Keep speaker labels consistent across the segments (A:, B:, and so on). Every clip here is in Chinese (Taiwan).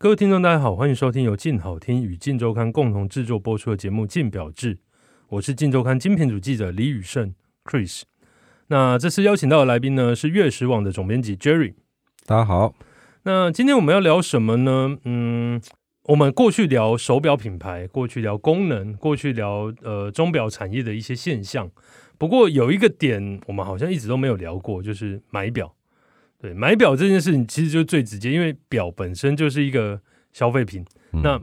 A: 各位聽眾，大家好，歡迎收聽由鏡好聽與鏡週刊共同製作播出的節目《鏡錶誌》，我是鏡週刊精品組記者李宇勝 Chris。那這次邀請到的來賓呢，是悅時網的總編輯 Jerry。
B: 大家好，
A: 那今天我們要聊什麼呢？嗯，我們過去聊手錶品牌，過去聊功能，過去聊呃鐘錶產業的一些現象。不過有一個點，我們好像一直都沒有聊過，就是買錶。對，買錶這件事情其實就最直接，因為錶本身就是一個消費品。嗯、那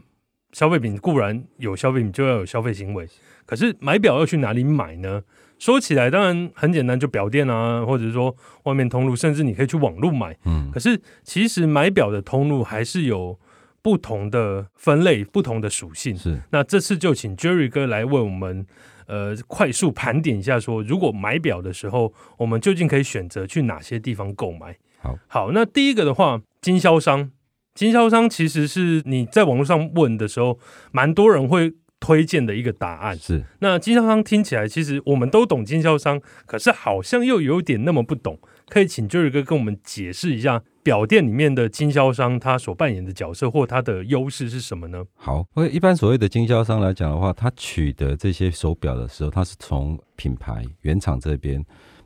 A: 消費品固然有消費品就要有消費行為，可是買錶要去哪裡買呢？說起來當然很簡單，就錶店啊，或者是說外面通路，甚至你可以去網路買。嗯、可是其實買錶的通路還是有不同的分類、不同的屬性。是，那這次就請 Jerry 哥來為我們呃快速盤點一下說，說如果買錶的時候，我們究竟可以選擇去哪些地方購買？好，好，那第一個的話，經銷商，經銷商其實是你在網絡上問的時候，蠻多人會推薦的一個答案。是，那經銷商聽起來，其實我們都懂經銷商，可是好像又有點那麼不懂。可以請 Jerry 哥，跟我們解釋一下，錶店裡面的經銷商他所扮演的角色或他的優勢是什麼呢？
B: 好，因為一般所謂的經銷商來講的話，他取得這些手錶的時候，他是從品牌原廠這邊。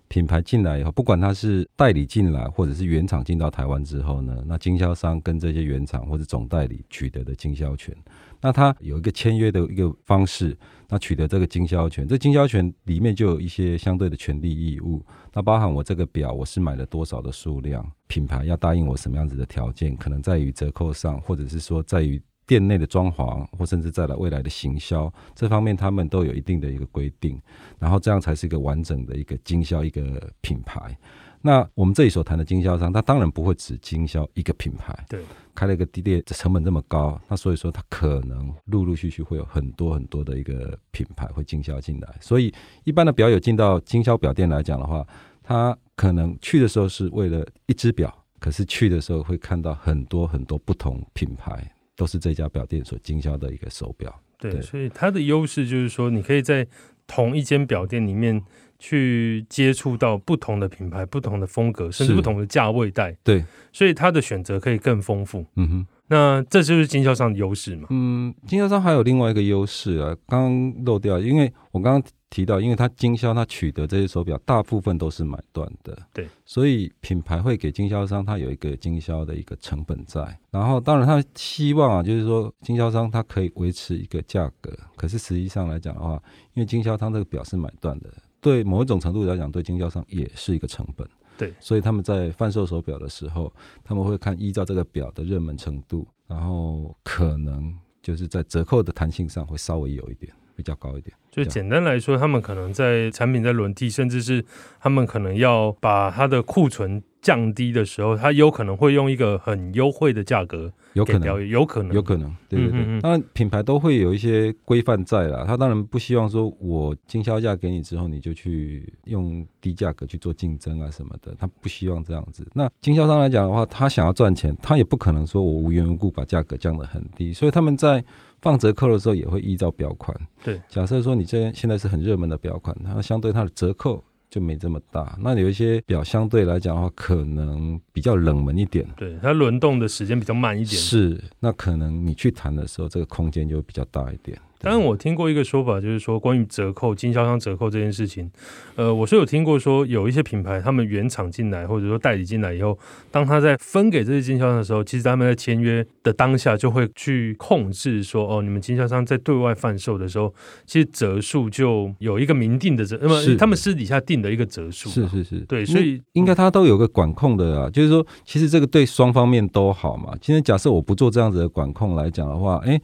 B: 品牌進來以後，不管他是代理進來，或者是原廠進到台灣之後呢，那經銷商跟這些原廠或者總代理取得的經銷權，那他有一個簽約的一個方式，那取得這個經銷權，這經銷權裡面就有一些相對的權利義務，那包含我這個錶我是買了多少的數量，品牌要答應我什麼樣子的條件，可能在於折扣上，或者是說在於。店內的裝潢，或甚至在未來的行銷這方面，他們都有一定的一個規定，然後這樣才是一個完整的一個經銷一個品牌。那我們這裡所談的經銷商，他當然不會只經銷一個品牌，對，開了一個地點，成本這麼高，那所以說他可能陸陸續續會有很多很多的一個品牌會經銷進來。所以一般的表友進到經銷表店來講的話，他可能去的時候是為了一支表，可是去的時候會看到很多很多不同品牌。都是這家表店所經銷的一個手錶。
A: 對，對，所以它的優勢就是說，你可以在同一間表店裡面去接觸到不同的品牌、不同的風格，甚至不同的價位帶。對，所以它的選擇可以更豐富。嗯哼，那這就是經銷商的優勢嘛。
B: 嗯，經銷商還有另外一個優勢啊，剛漏掉，因為我剛剛。提到，因為他經銷，他取得這些手錶大部分都是買斷的，對，所以品牌會給經銷商它有一個經銷的一個成本在。然後，當然，他希望啊，就是說經銷商他可以維持一個價格。可是實際上來講的話，因為經銷商這個錶是買斷的，對，某一種程度來講，對經銷商也是一個成本。對，所以他們在販售手錶的時候，他們會看依照這個錶的熱門程度，然後可能就是在折扣的彈性上會稍微有一點。比較高一點，
A: 就簡單來說，他們可能在產品在輪替，甚至是他們可能要把它的庫存降低的
B: 時候，他有可能會用一個很優惠的價格，有可能，有可能，有可能，對對對。嗯嗯嗯、當然品牌都會有一些規範在啦，他當然不希望說我經銷價給你之後，你就去用低價格去做競爭啊什麼的，他不希望這樣子。那經銷商來講的話，他想要賺錢，他也不可能說我無緣無故把價格降得很低，所以他們在。放折扣的時候也會依照錶款。對，假設說你這邊現在是很熱門的錶款，它相對它的折扣就沒這麼大。那有一些錶相對來講的話，可能比較冷門一點，
A: 對它輪動的時間比較慢一點。是，
B: 那可能你去談的時候，這個空間就會比較大一點。
A: 當然，對我聽過一個說法，就是說關於折扣、經銷商折扣這件事情，呃，我是有聽過說有一些品牌，他們原廠進來或者說代理進來以後，當他在分給這些經銷商的時候，其實他們在簽約的當下就會去控制說，哦，你們經銷商在對外販售的時候，其實折數就有一個明定的折，那麼是他們私底下定的一個折數。是是是，對，所以
B: 應該他都有個管控的啊，嗯、就是說，其實這個對雙方面都好嘛。今天假設我不做這樣子的管控來講的話，誒。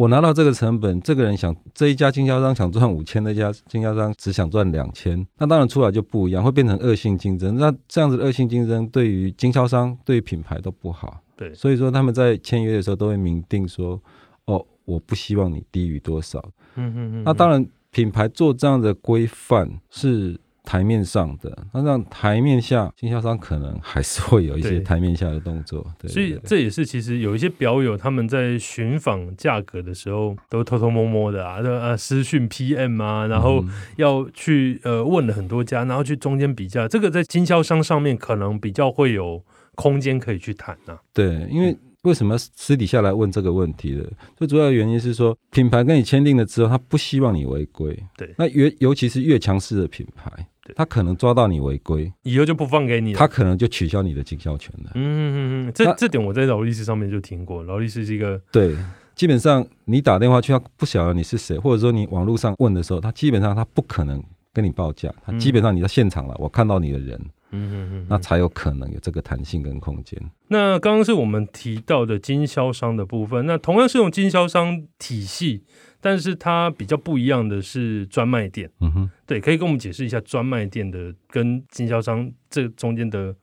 B: 我拿到這個成本，這個人想這一家經銷商想賺五千，那家經銷商只想賺兩千，那當然出來就不一樣，會變成惡性競爭。那這樣子的惡性競爭，對於經銷商、對於品牌都不好。對，所以說他們在簽約的時候都會明定說：“哦，我不希望你低於多少。”嗯哼嗯哼，嗯嗯嗯。那當然，品牌做這樣的規範是。台面上的，那讓台面下經銷商可能還是會有一些台面下的動作。對，對對
A: 對，所以這也是其實有一些表友他們在尋訪價格的時候，都偷偷摸摸的啊，呃、啊，私訊 PM 啊，然後要去、嗯、哼呃問了很多家，然後去中間比較，這個在經銷商上面可能比較會有空間可以去談呢、啊。
B: 對，因為、嗯。為什麼私底下來問這個問題的？最主要的原因是說，品牌跟你簽訂了之後，他不希望你違規。對，那尤其是越強勢的品牌，他對可能抓到你違規，以後就不放給你了。他可能就取消你的經銷權
A: 了。嗯嗯嗯，這那這點我在勞力士上面就聽過，勞力士是一個對，
B: 基本上你打電話去，他不曉得你是誰，或者說你網路上問的時候，他基本上他不可能跟你報價，嗯、他基本上你在現場了，我看到你的人。嗯哼，嗯哼。那才有可能有這個彈性跟空間。
A: 那剛剛是我們提到的經銷商的部分，那同樣是用經銷商體系，但是它比較不一樣的是專賣店。嗯哼，對，可以跟我們解釋一下專賣店的跟經銷商這中間的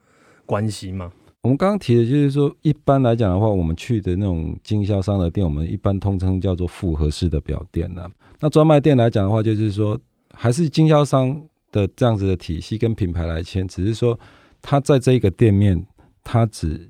A: 關係
B: 嗎？我們剛剛提的就是說，一般來講的話，我們去的那種經銷商的店，我們一般通稱叫做複合式的表店啦、啊。那專賣店來講的話，就是說還是經銷商的這樣子的體系跟品牌來簽，只是說，他在這一個店面，他只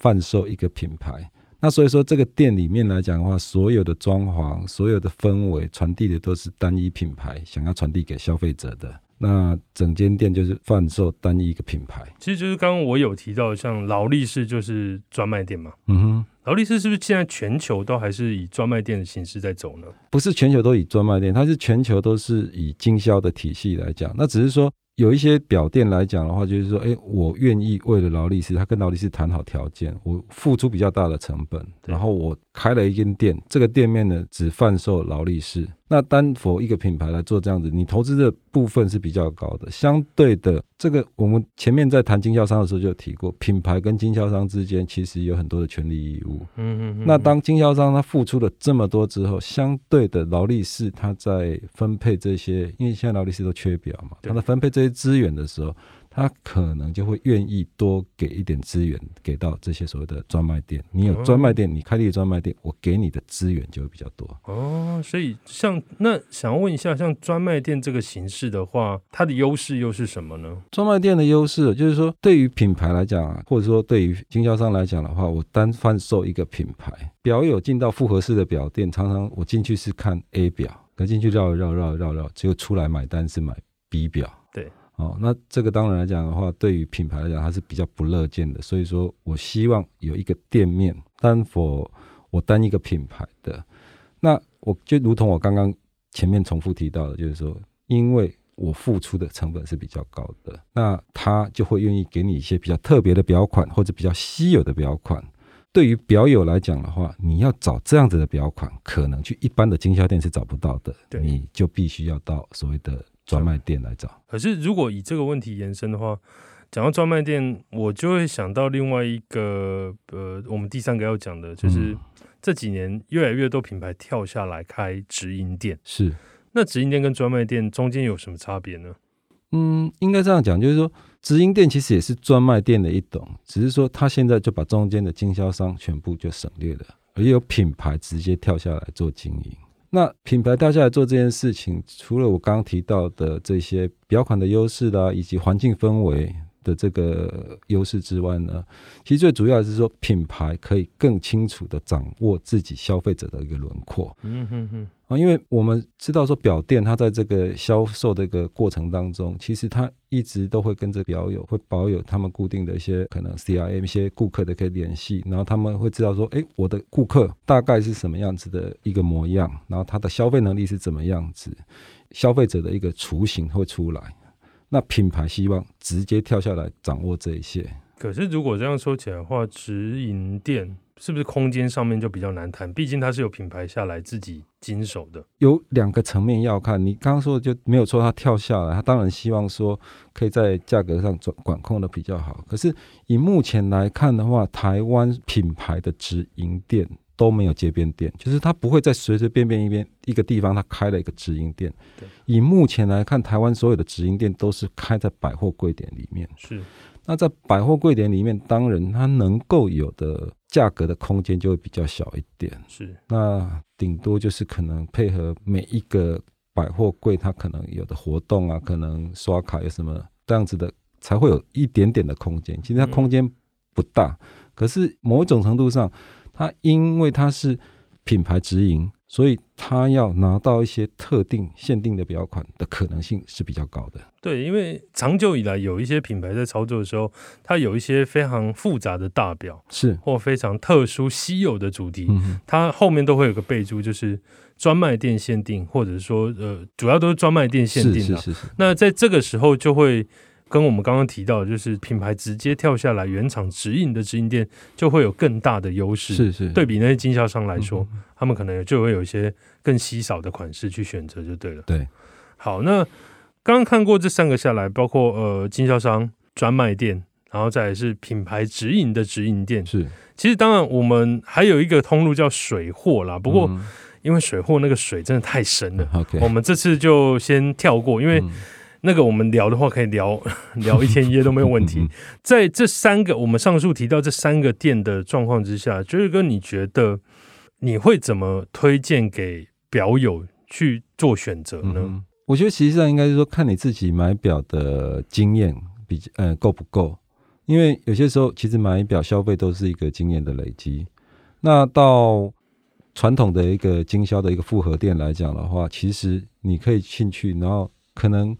B: 販售一個品牌。那所以說，這個店裡面來講的話，所有的裝潢、所有的氛圍傳遞的都是單一品牌，想要傳遞給消費者的。那整間店就是販售單一一個品牌。
A: 其實就是剛剛我有提到，像勞力士就是專賣店嘛。嗯哼。勞力士是不是現在全球都還是以專賣店的形式在走呢？
B: 不是全球都以專賣店，它是全球都是以經銷的體系來講。那只是說有一些錶店來講的話，就是說，哎，我願意為了勞力士，他跟勞力士談好條件，我付出比較大的成本，對然後我開了一間店，這個店面呢，只販售勞力士。那單 for 一個品牌來做這樣子，你投資的部分是比較高的。相對的，這個我們前面在談經銷商的時候就提過，品牌跟經銷商之間其實有很多的權利義務。嗯，嗯嗯。那當經銷商他付出了這麼多之後，相對的勞力士他在分配這些，因為現在勞力士都缺表嘛，對他在分配這些資源的時候。他可能就會願意多給一點資源給到這些所謂的專賣店。你有專賣店，哦、你開這個專賣店，我給你的資源就會比較多。
A: 哦，所以像那想問一下，像專賣店這個形式的話，它的優勢又是什麼呢？
B: 專賣店的優勢就是說，對於品牌來講、啊，或者說對於經銷商來講的話，我單販售一個品牌，錶友進到複合式的表店，常常我進去是看 A 表，可進去繞繞繞繞繞，只有出來買單是買 B 表。哦，那這個當然來講的話，對於品牌來講，還是比較不樂見的。所以說我希望有一個店面單否我單一個品牌的，那我就如同我剛剛前面重複提到的，就是說，因為我付出的成本是比較高的，那他就會願意給你一些比較特別的錶款或者比較稀有的錶款。對於錶友來講的話，你要找這樣子的錶款，可能去一般的經銷店是找不到的，你就必須要到所謂的。專賣店來找，
A: 可是如果以這個問題延伸的話，講到專賣店，我就會想到另外一個，呃，我們第三個要講的就是、嗯、這幾年越來越多品牌跳下來開直營店。是，那直營店跟專賣店中間有什麼差別呢？嗯，
B: 應該這樣講，就是說直營店其實也是專賣店的一種，只是說它現在就把中間的經銷商全部就省略了，而也有品牌直接跳下來做經營。那品牌大家來做這件事情，除了我剛剛提到的這些錶款的優勢啦，以及環境氛圍。的這個優勢之外呢，其實最主要的是說，品牌可以更清楚地掌握自己消費者的一個輪廓。嗯哼哼啊，因為我們知道說，錶店它在這個銷售的一個過程當中，其實它一直都會跟着錶友，會保有他們固定的一些可能 CRM 一些顧客的可以聯繫，然後他們會知道說，誒，我的顧客大概是什麼樣子的一個模樣，然後他的消費能力是怎麼樣子，消費者的一個雛形會出來。那品牌希望直接跳下來掌握這一些。
A: 可是如果這樣說起來的話，直營店是不是空間上面就比較難談？畢竟它是有品牌下來自己經手的。
B: 有兩個層面要看，你剛剛說的就沒有說它跳下來，他當然希望說可以在價格上管管控的比較好。可是以目前來看的話，台灣品牌的直營店。都沒有街邊店，就是他不會再隨隨便便一邊一個地方，他開了一個直營店。對，以目前來看，台灣所有的直營店都是開在百貨櫃點裡面。是，那在百貨櫃點裡面，當然它能夠有的價格的空間就會比較小一點。是，那頂多就是可能配合每一個百貨櫃，它可能有的活動啊，可能刷卡有什麼這樣子的，才會有一點點的空間。其實它空間不大，嗯、可是某種程度上。它因為它是品牌直營，所以它要拿到一些特定限定的錶款的可能性是比較高的。
A: 對，因為長久以來有一些品牌在操作的時候，它有一些非常複雜的大錶，是或非常特殊稀有的主題，嗯哼，它後面都會有個備註，就是專賣店限定，或者說呃，主要都是專賣店限定的。是是是是。那在這個時候就會。跟我們剛剛提到，就是品牌直接跳下來，原廠直營的直營店就會有更大的優勢。是是，對比那些經銷商來說，嗯、他們可能就會有一些更稀少的款式去選擇，就對了。對，好，那剛剛看過這三個下來，包括呃經銷商、專賣店，然後再是品牌直營的直營店。是，其實當然我們還有一個通路叫水貨啦，不過因為水貨那個水真的太深了。OK，、嗯、我們這次就先跳過，因為。嗯那個我們聊的話，可以聊聊一天一夜都沒有問題。 在這三個我們上述提到這三個店的狀況之下，爵士哥，你覺得你會怎麼推薦給錶友去做選擇
B: 呢、嗯？我覺得實際上應該是說，看你自己買錶的經驗比呃夠不夠，因為有些時候其實買錶消費都是一個經驗的累積。那到傳統的一個經銷的一個複合店來講的話，其實你可以進去，然後可能。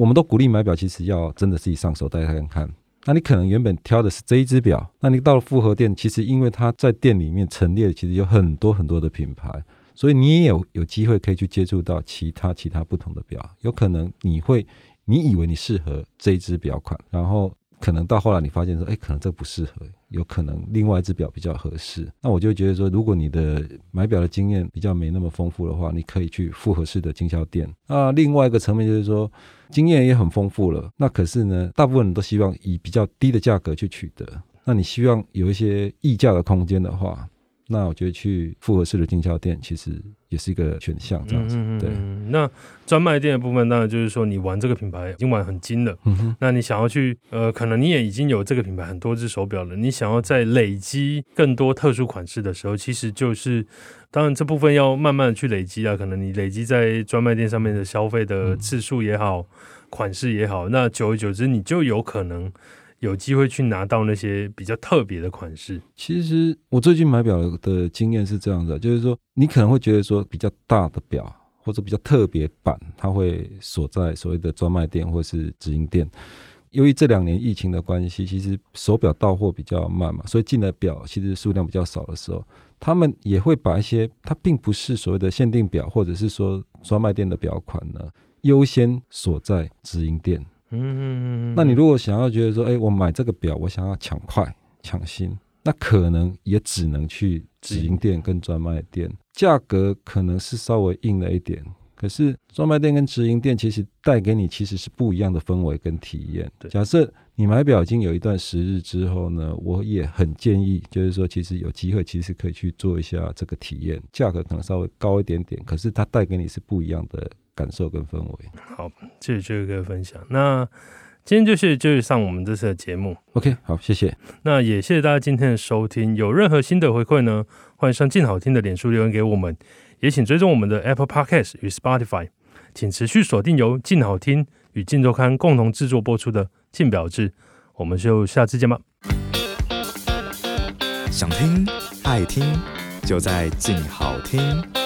B: 我們都鼓勵買錶，其實要真的自己上手，戴戴看看。那你可能原本挑的是這一隻錶，那你到了複合店，其實因為他在店裡面陳列，其實有很多很多的品牌，所以你也有有機會可以去接觸到其他其他不同的錶。有可能你會，你以為你適合這一隻錶款，然後。可能到後來你發現說，哎、欸，可能這不適合，有可能另外一支錶比較合適。那我就覺得說，如果你的買錶的經驗比較沒那麼豐富的話，你可以去複合式的經銷店。那另外一個層面就是說，經驗也很豐富了，那可是呢，大部分人都希望以比較低的價格去取得。那你希望有一些議價的空間的話，那我覺得去複合式的經銷店其實，也是一個選項這樣子，對嗯嗯嗯
A: 嗯。那專賣店的部分，當然就是說你玩這個品牌已經玩很精了，嗯、哼那你想要去，呃，可能你也已經有這個品牌很多隻手錶了，你想要再累積更多特殊款式的時候，其實就是，當然這部分要慢慢的去累積啊，可能你累積在專賣店上面的消費的次數也好，嗯、款式也好，那久而久之你就有可能。有機會去拿到那些比較特別的款式。
B: 其實我最近買錶的經驗是這樣的，就是說你可能會覺得說比較大的錶或者比較特別版，它會鎖在所謂的專賣店或是直營店。由於這兩年疫情的關係，其實手錶到貨比較慢嘛，所以進的錶其實數量比較少的時候，他們也會把一些它並不是所謂的限定錶或者是說專賣店的錶款呢，優先鎖在直營店。嗯，嗯，嗯。那你如果想要覺得說，哎、欸，我買這個錶，我想要搶快、搶新，那可能也只能去直營店跟專賣店，價格可能是稍微硬了一點。可是專賣店跟直營店其實帶給你其實是不一樣的氛圍跟體驗。假設你買錶已經有一段時日之後呢，我也很建議，就是說其實有機會，其實可以去做一下這個體驗，價格可能稍微高一點點，可是它帶給你是不一樣的。感受跟氛圍，好，這就
A: 這個分享。那今天就是就是上我們這次的節目
B: ，OK，好，謝謝。
A: 那也謝謝大家今天的收聽。有任何新的回饋呢，歡迎上鏡好聽的臉書留言給我們，也請追蹤我們的 Apple Podcast 與 Spotify，請持續鎖定由鏡好聽與鏡週刊共同製作播出的《鏡錶誌》。我們就下次見吧。想聽愛聽，就在鏡好聽。